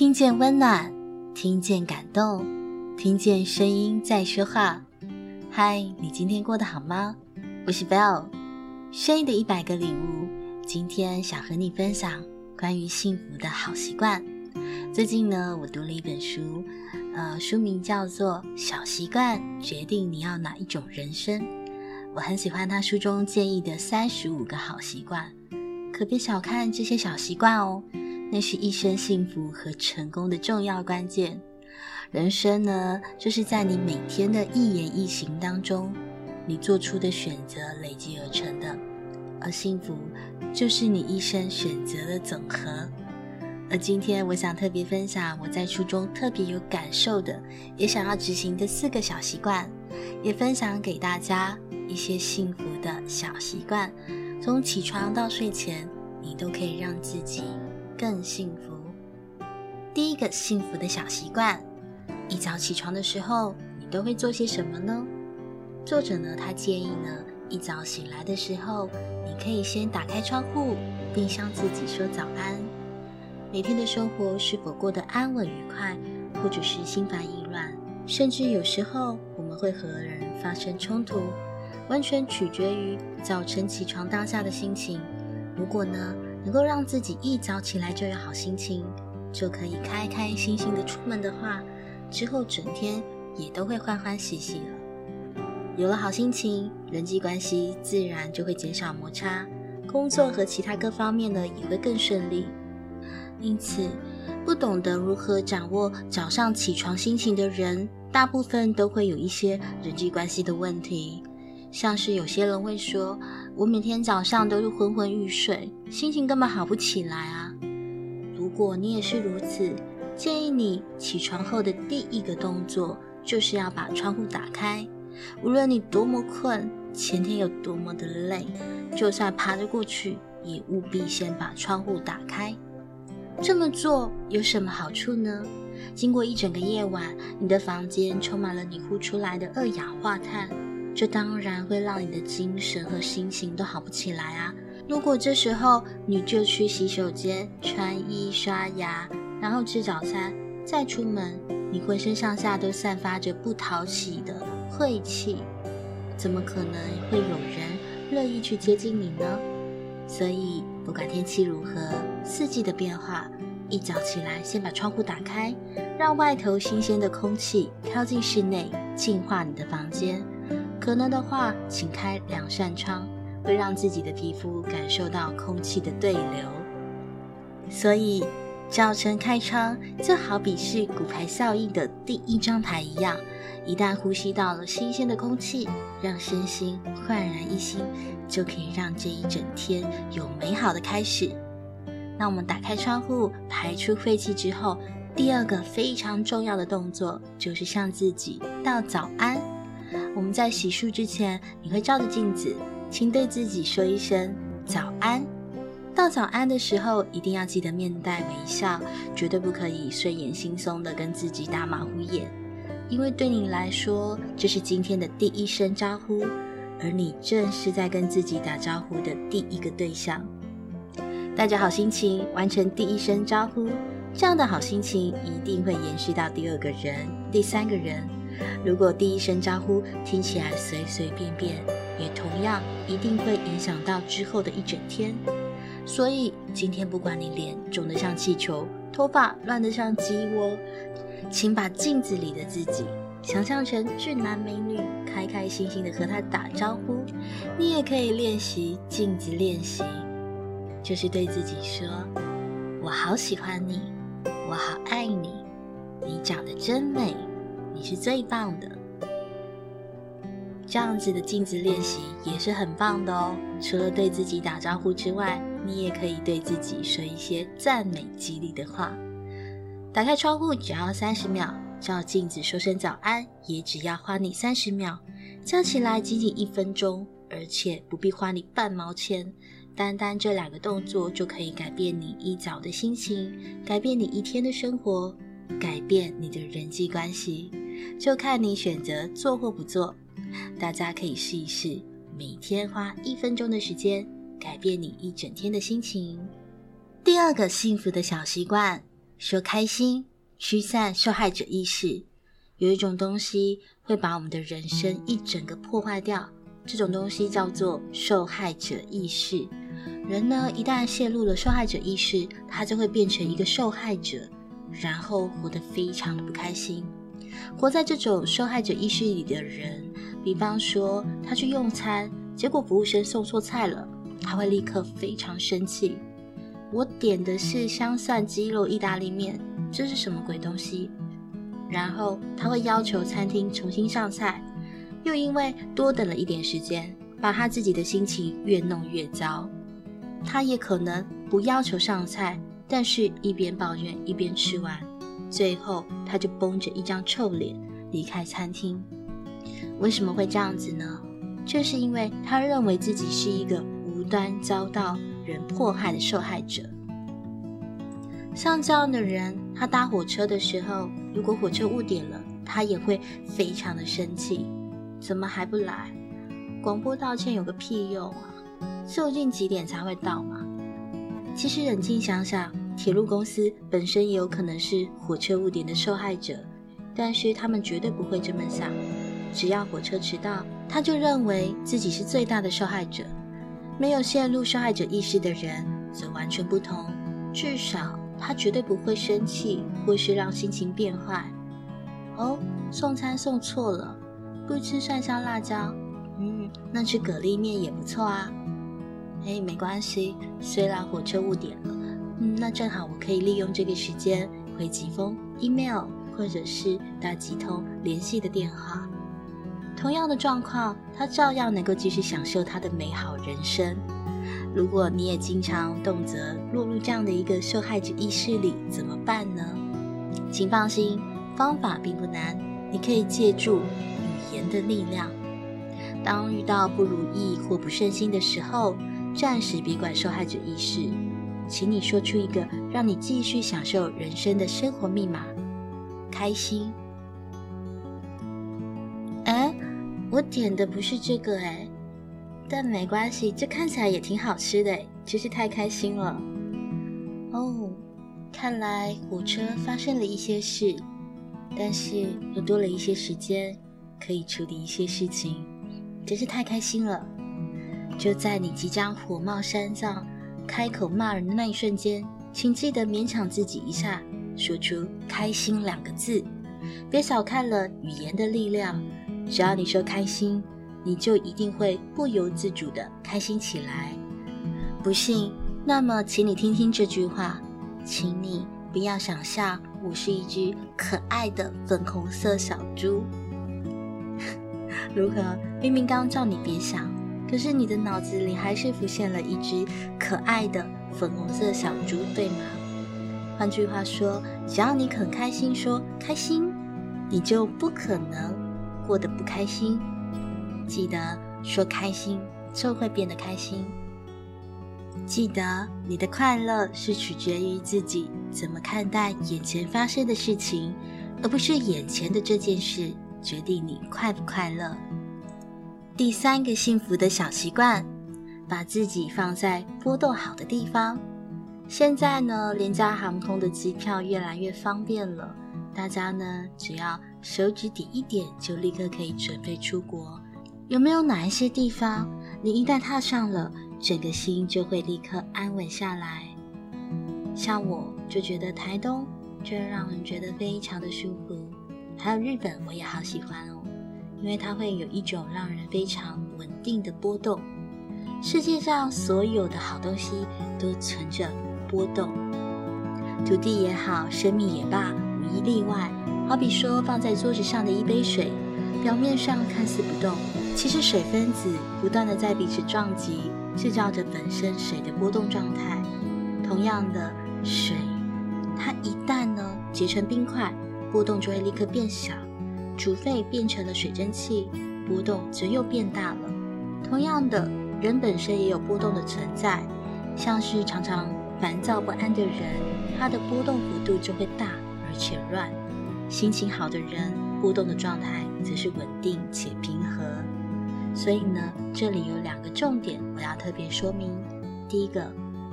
聽見溫暖，聽見感動，聽見聲音在說話。嗨，你今天過得好嗎？我是 Belle。聲音的一百個禮物，今天想和你分享關於幸福的好習慣。最近呢，我讀了一本書，呃，書名叫做《小習慣決定你要哪一種人生》。我很喜歡他書中建議的三十五個好習慣，可別小看這些小習慣哦。那是一生幸福和成功的重要關鍵。人生呢，就是在你每天的一言一行當中，你做出的選擇累積而成的。而幸福就是你一生選擇的總和。而今天，我想特別分享我在書中特別有感受的，也想要執行的四個小習慣，也分享給大家一些幸福的小習慣。從起床到睡前，你都可以讓自己更幸福。第一個幸福的小習慣，一早起床的時候，你都會做些什麼呢？作者呢，他建議呢，一早醒來的時候，你可以先打開窗戶，並向自己說早安。每天的生活是否過得安穩愉快，或者是心煩意亂，甚至有時候我們會和人發生衝突，完全取決於早晨起床當下的心情。如果呢，能夠讓自己一早起來就有好心情，就可以開開心心的出門的話，之後整天也都會歡歡喜喜了。有了好心情，人際關係自然就會減少摩擦，工作和其他各方面的也會更順利。因此，不懂得如何掌握早上起床心情的人，大部分都會有一些人際關係的問題。像是有些人會說：“我每天早上都是昏昏欲睡，心情根本好不起來啊。”如果你也是如此，建議你起床後的第一個動作就是要把窗戶打開。無論你多麼睏，前天有多麼的累，就算爬著過去，也務必先把窗戶打開。這麼做有什麼好處呢？經過一整個夜晚，你的房間充滿了你呼出來的二氧化碳。這當然會讓你的精神和心情都好不起來啊！如果這時候你就去洗手間、穿衣、刷牙，然後吃早餐，再出門，你渾身上下都散發着不討喜的晦氣，怎麼可能會有人樂意去接近你呢？所以，不管天氣如何，四季的變化，一早起來先把窗戶打開，讓外頭新鮮的空氣飄進室內，淨化你的房間。可能的話，請開兩扇窗，會讓自己的皮膚感受到空氣的對流。所以，早晨開窗就好比是骨牌效應的第一張牌一樣，一旦呼吸到了新鮮的空氣，讓身心煥然一新，就可以讓這一整天有美好的開始。那我們打開窗戶排出廢氣之後，第二個非常重要的動作就是向自己道早安。我們在洗漱之前，你會照着鏡子，請對自己說一聲“早安”。道“早安”的時候，一定要記得面帶微笑，絕對不可以睡眼惺忪的跟自己打馬虎眼，因為對你來說，這是今天的第一聲招呼，而你正是在跟自己打招呼的第一個對象。帶着好心情完成第一聲招呼，這樣的好心情一定會延續到第二個人、第三個人。如果第一聲招呼聽起來隨隨便便，也同樣一定會影響到之後的一整天。所以今天不管你臉腫得像氣球，頭髮亂得像雞窩，請把鏡子裡的自己想象成俊男美女，開開心心的和他打招呼。你也可以練習鏡子練習，就是對自己說：“我好喜歡你，我好愛你，你長得真美。”你是最棒的，這樣子的鏡子練習也是很棒的哦。除了對自己打招呼之外，你也可以對自己說一些讚美、激勵的話。打開窗戶只要三十秒，照鏡子說聲早安也只要花你三十秒，加起來僅僅一分鐘，而且不必花你半毛錢。單單這兩個動作就可以改變你一早的心情，改變你一天的生活。改變你的人際關係，就看你選擇做或不做。大家可以試一試，每天花一分鐘的時間，改變你一整天的心情。第二個幸福的小習慣，說開心，驅散受害者意識。有一種東西會把我們的人生一整個破壞掉，這種東西叫做受害者意識。人呢，一旦陷入了受害者意識，他就會變成一個受害者。然後活得非常的不開心，活在這種受害者意識裡的人，比方說他去用餐，結果服務生送錯菜了，他會立刻非常生氣。我點的是香蒜雞肉意大利麵，這是什麼鬼東西？然後他會要求餐廳重新上菜，又因為多等了一點時間，把他自己的心情越弄越糟。他也可能不要求上菜。但是，一邊抱怨一邊吃完，最後他就繃着一張臭臉離開餐廳。為什麼會這樣子呢？就是因為他認為自己是一個無端遭到人迫害的受害者。像這樣的人，他搭火車的時候，如果火車誤點了，他也會非常的生氣。怎麼還不來？廣播道歉有個屁用啊！究竟幾點才會到嘛？其實冷靜想想。鐵路公司本身也有可能是火車誤點的受害者，但是他們絕對不會這麼想。只要火車遲到，他就認為自己是最大的受害者。沒有陷入受害者意識的人則完全不同，至少他絕對不會生氣或是讓心情變壞。哦，送餐送錯了，不吃蒜香辣椒，嗯，那吃蛤蜊麵也不錯啊。誒，沒關係，雖然火車誤點了。嗯，那正好我可以利用這個時間回幾封 email 或者是打幾通聯繫的電話。同樣的狀況，他照樣能夠繼續享受他的美好人生。如果你也經常動輒落入這樣的一個受害者意識裡，怎麼辦呢？請放心，方法並不難，你可以借助語言的力量。當遇到不如意或不順心的時候，暫時別管受害者意識。請你說出一個讓你繼續享受人生的生活密碼，開心。哎，我點的不是這個哎，但沒關係，這看起來也挺好吃的，真是太開心了。哦，看來火車發生了一些事，但是又多了一些時間可以處理一些事情，真是太開心了。就在你即將火冒三丈，開口罵人的那一瞬間，請記得勉強自己一下，說出“開心”兩個字，別小看了語言的力量。只要你說“開心”，你就一定會不由自主地開心起來。不信？那麼，請你聽聽這句話，請你不要想象我是一隻可愛的粉紅色小豬。如何？明明剛叫你別想。可是你的腦子裡還是浮現了一隻可愛的粉紅色小豬，對嗎？換句話說，只要你很開心說開心，你就不可能過得不開心。記得說開心就會變得開心。記得你的快樂是取決於自己怎麼看待眼前發生的事情，而不是眼前的這件事決定你快不快樂。第三個幸福的小習慣，把自己放在波動好的地方。現在呢，廉價航空的機票越來越方便了，大家呢只要手指點一點，就立刻可以準備出國。有沒有哪一些地方，你一旦踏上了，整個心就會立刻安穩下來？像我就覺得台東，就讓人覺得非常的舒服，還有日本，我也好喜歡哦。因為它會有一種讓人非常穩定的波動。世界上所有的好東西都存着波動，土地也好，生命也罷，無一例外。好比說放在桌子上的一杯水，表面上看似不動，其實水分子不斷的在彼此撞擊，制造着本身水的波動狀態。同樣的，水它一旦呢結成冰塊，波動就會立刻變小。除非變成了水蒸氣，波動則又變大了。同樣的，人本身也有波動的存在，像是常常煩躁不安的人，他的波動幅度就會大而且亂；心情好的人，波動的狀態則是穩定且平和。所以呢，這裡有兩個重點我要特別說明：第一個，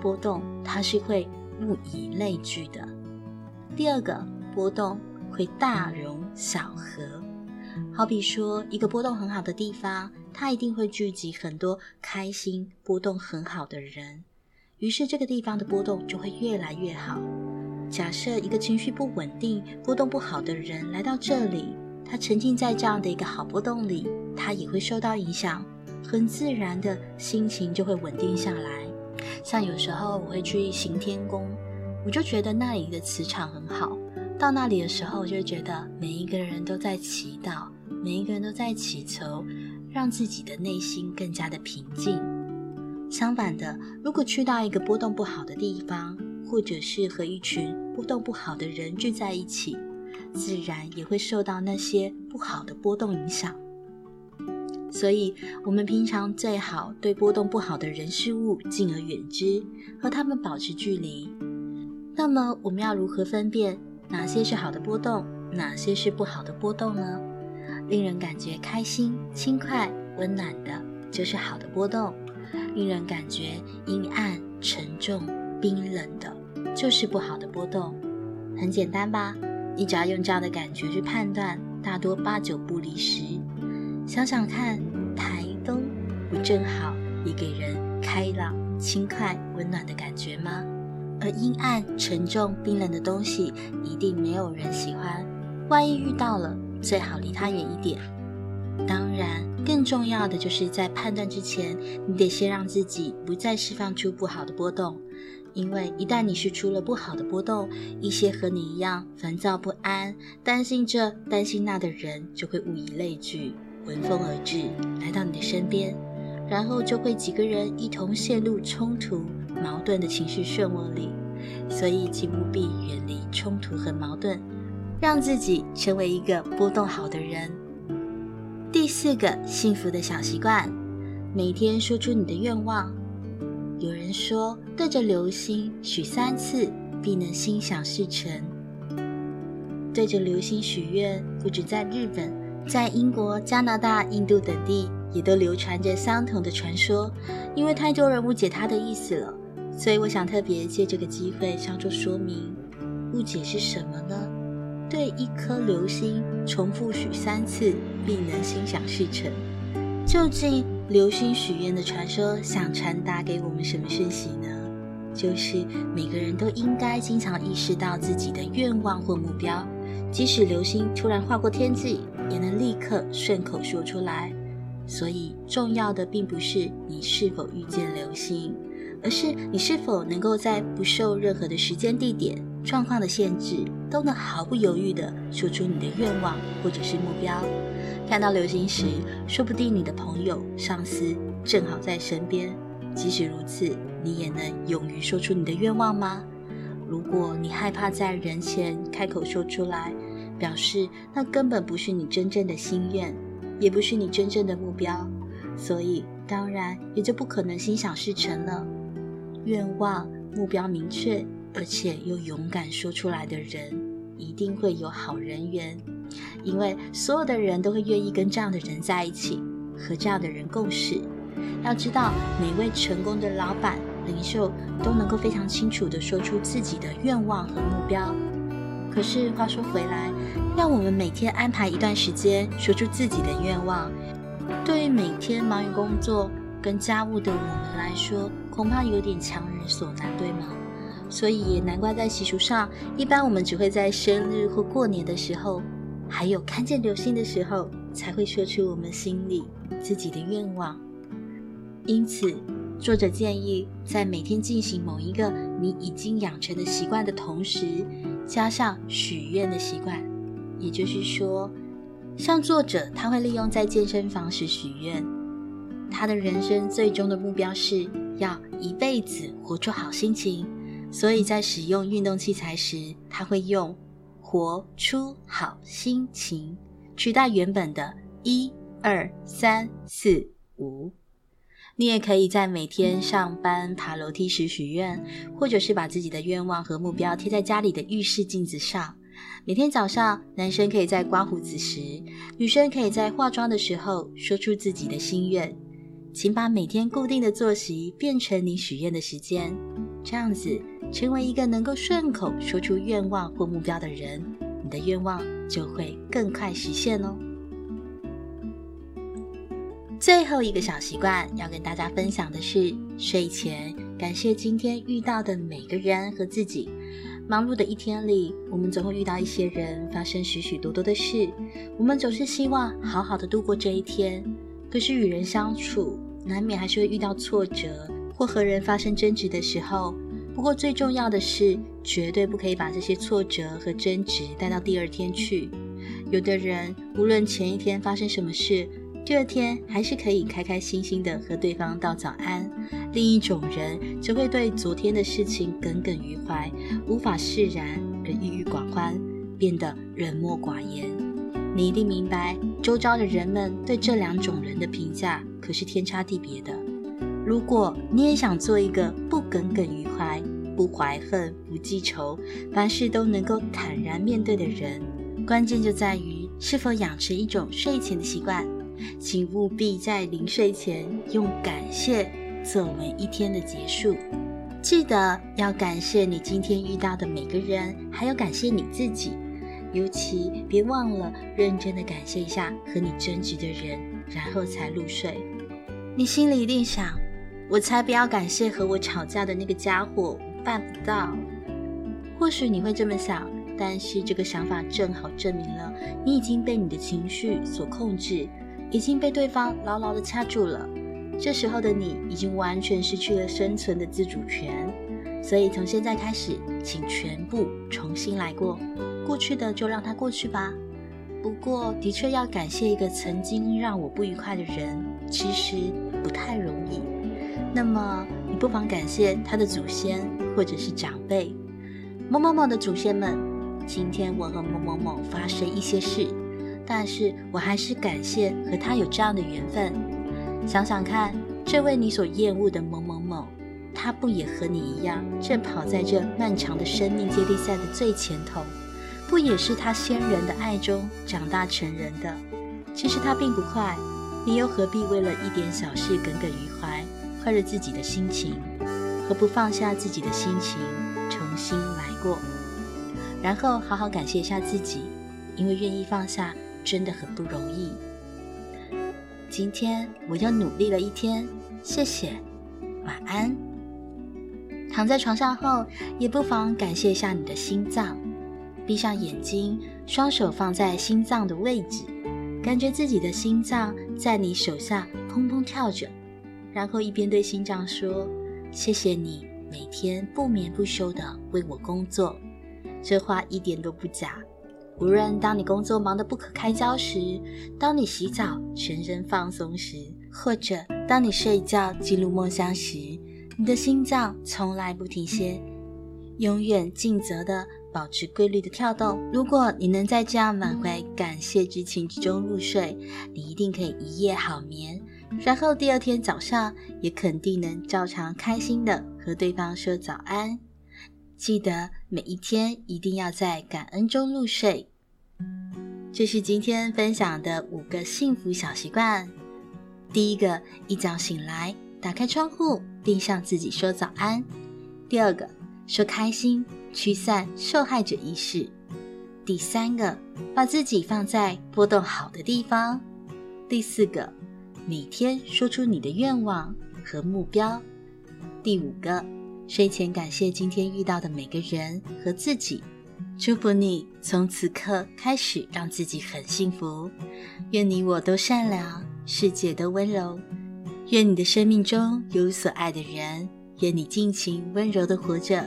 波動它是會物以類聚的；第二個，波動。會大融小合，好比說，一個波動很好的地方，它一定會聚集很多開心、波動很好的人，於是這個地方的波動就會越來越好。假設一個情緒不穩定、波動不好的人來到這裡，他沉浸在這樣的一個好波動裡，他也會受到影響，很自然的心情就會穩定下來。像有時候我會去行天宮，我就覺得那裡的磁場很好。到那裡的時候，我就覺得每一個人都在祈禱，每一個人都在祈求，讓自己的內心更加的平靜。相反的，如果去到一個波動不好的地方，或者是和一群波動不好的人聚在一起，自然也會受到那些不好的波動影響。所以，我們平常最好對波動不好的人事物敬而遠之，和他們保持距離。那麼，我們要如何分辨？哪些是好的波動，哪些是不好的波動呢？令人感覺開心、輕快、溫暖的，就是好的波動；令人感覺陰暗、沉重、冰冷的，就是不好的波動。很簡單吧？你只要用這樣的感覺去判斷，大多八九不離十。想想看，台燈不正好也給人開朗、輕快、溫暖的感覺嗎？而陰暗、沉重、冰冷的東西一定沒有人喜歡。萬一遇到了，最好離他遠一點。當然，更重要的就是在判斷之前，你得先讓自己不再釋放出不好的波動。因為一旦你是出了不好的波動，一些和你一樣煩躁不安、擔心這擔心那的人就會物以類聚，聞風而至，來到你的身邊，然後就會幾個人一同陷入衝突。矛盾的情緒漩渦裡，所以請務必遠離衝突和矛盾，讓自己成為一個波動好的人。第四個幸福的小習慣：每天說出你的願望。有人說，對着流星許三次，必能心想事成。對着流星許願，不止在日本，在英國、加拿大、印度等地也都流傳着相同的傳說。因為太多人誤解他的意思了。所以，我想特別借這個機會稍作說明：誤解是什麼呢？對一顆流星重複許三次，必能心想事成。究竟流星許願的傳說想傳達給我們什麼訊息呢？就是每個人都應該經常意識到自己的願望或目標，即使流星突然劃過天際，也能立刻順口說出來。所以，重要的並不是你是否遇見流星。而是你是否能夠在不受任何的時間、地點、狀況的限制，都能毫不猶豫地說出你的願望或者是目標？看到流星時，說不定你的朋友、上司正好在身邊，即使如此，你也能勇於說出你的願望嗎？如果你害怕在人前開口說出來，表示那根本不是你真正的心願，也不是你真正的目標，所以當然也就不可能心想事成了。願望、目標明確，而且又勇敢說出來的人，一定會有好人緣，因為所有的人都會願意跟這樣的人在一起，和這樣的人共事。要知道，每位成功的老闆、領袖都能夠非常清楚地說出自己的願望和目標。可是話說回來，要我們每天安排一段時間說出自己的願望，對於每天忙於工作。跟家務的我們來說，恐怕有點強人所難，對嗎？所以也難怪在習俗上，一般我們只會在生日或過年的時候，還有看見流星的時候，才會說出我們心裡自己的願望。因此，作者建議在每天進行某一個你已經養成的習慣的同時，加上許願的習慣。也就是說，像作者，他會利用在健身房時許願。他的人生最終的目標是要一輩子活出好心情，所以在使用運動器材時，他會用“活出好心情”取代原本的一二三四五。你也可以在每天上班爬樓梯時許願，或者是把自己的願望和目標貼在家裡的浴室鏡子上。每天早上，男生可以在刮鬍子時，女生可以在化妝的時候說出自己的心願。請把每天固定的作息變成你許願的時間，這樣子成為一個能夠順口說出願望或目標的人，你的願望就會更快實現哦。最後一個小習慣要跟大家分享的是，睡前感謝今天遇到的每個人和自己。忙碌的一天裡，我們總會遇到一些人發生許許多多的事，我們總是希望好好的度過這一天，可是與人相處，難免還是會遇到挫折或和人發生爭執的時候。不過最重要的是，絕對不可以把這些挫折和爭執帶到第二天去。有的人無論前一天發生什麼事，第二天還是可以開開心心地和對方道早安；另一種人則會對昨天的事情耿耿於懷，無法釋然而鬱鬱寡歡，變得冷漠寡言。你一定明白，週遭的人們對這兩種人的評價可是天差地別的。如果你也想做一個不耿耿於懷、不懷恨、不記仇、凡事都能夠坦然面對的人，關鍵就在於是否養成一種睡前的習慣。請務必在臨睡前用感謝作為一天的結束，記得要感謝你今天遇到的每個人，還有感謝你自己。尤其別忘了認真的感謝一下和你爭執的人，然後才入睡。你心裡一定想：“我才不要感謝和我吵架的那個家伙，我辦不到。”或許你會這麼想，但是這個想法正好證明了你已經被你的情緒所控制，已經被對方牢牢的掐住了。這時候的你已經完全失去了生存的自主權，所以從現在開始，請全部重新來過。過去的就讓他過去吧。不過，的確要感謝一個曾經讓我不愉快的人，其實不太容易。那麼，你不妨感謝他的祖先，或者是長輩某某某的祖先們。今天我和某某某發生一些事，但是我還是感謝和他有這樣的緣分。想想看，這位你所厭惡的某某某，他不也和你一樣，正跑在這漫長的生命接力賽的最前頭？不也是他先人的愛中長大成人的？其實他並不壞，你又何必為了一點小事耿耿於懷，壞了自己的心情？何不放下自己的心情，重新來過？然後好好感謝一下自己，因為願意放下真的很不容易。今天我又努力了一天，謝謝，晚安。躺在床上後，也不妨感謝一下你的心臟。閉上眼睛，雙手放在心臟的位置，感覺自己的心臟在你手下砰砰跳着，然後一邊對心臟說：“謝謝你每天不眠不休的為我工作。”這話一點都不假。無論當你工作忙得不可開交時，當你洗澡全身放鬆時，或者當你睡覺進入夢鄉時，你的心臟從來不停歇，嗯、永遠盡責的。保持規律的跳動。如果你能在這樣滿懷感謝之情之中入睡，你一定可以一夜好眠，然後第二天早上也肯定能照常開心的和對方說早安。記得每一天一定要在感恩中入睡。這是今天分享的五個幸福小習慣。第一個，一早醒來，打開窗戶，並向自己說早安。第二個，說開心。驅散受害者意識。第三個，把自己放在波動好的地方。第四個，每天說出你的願望和目標。第五個，睡前感謝今天遇到的每個人和自己，祝福你從此刻開始讓自己很幸福。願你我都善良，世界都溫柔。願你的生命中有所愛的人，願你盡情溫柔的活着。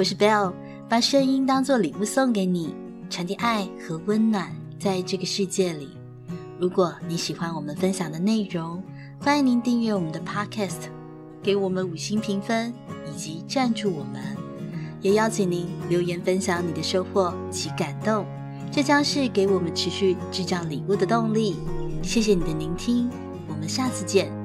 我是 Belle，把聲音當作禮物送給你，傳遞愛和溫暖在這個世界裡。如果你喜歡我們分享的內容，歡迎您訂閱我們的 Podcast，給我們五星評分以及贊助我們，也邀請您留言分享你的收穫及感動，這將是給我們持續製造禮物的動力。謝謝你的聆聽，我們下次見。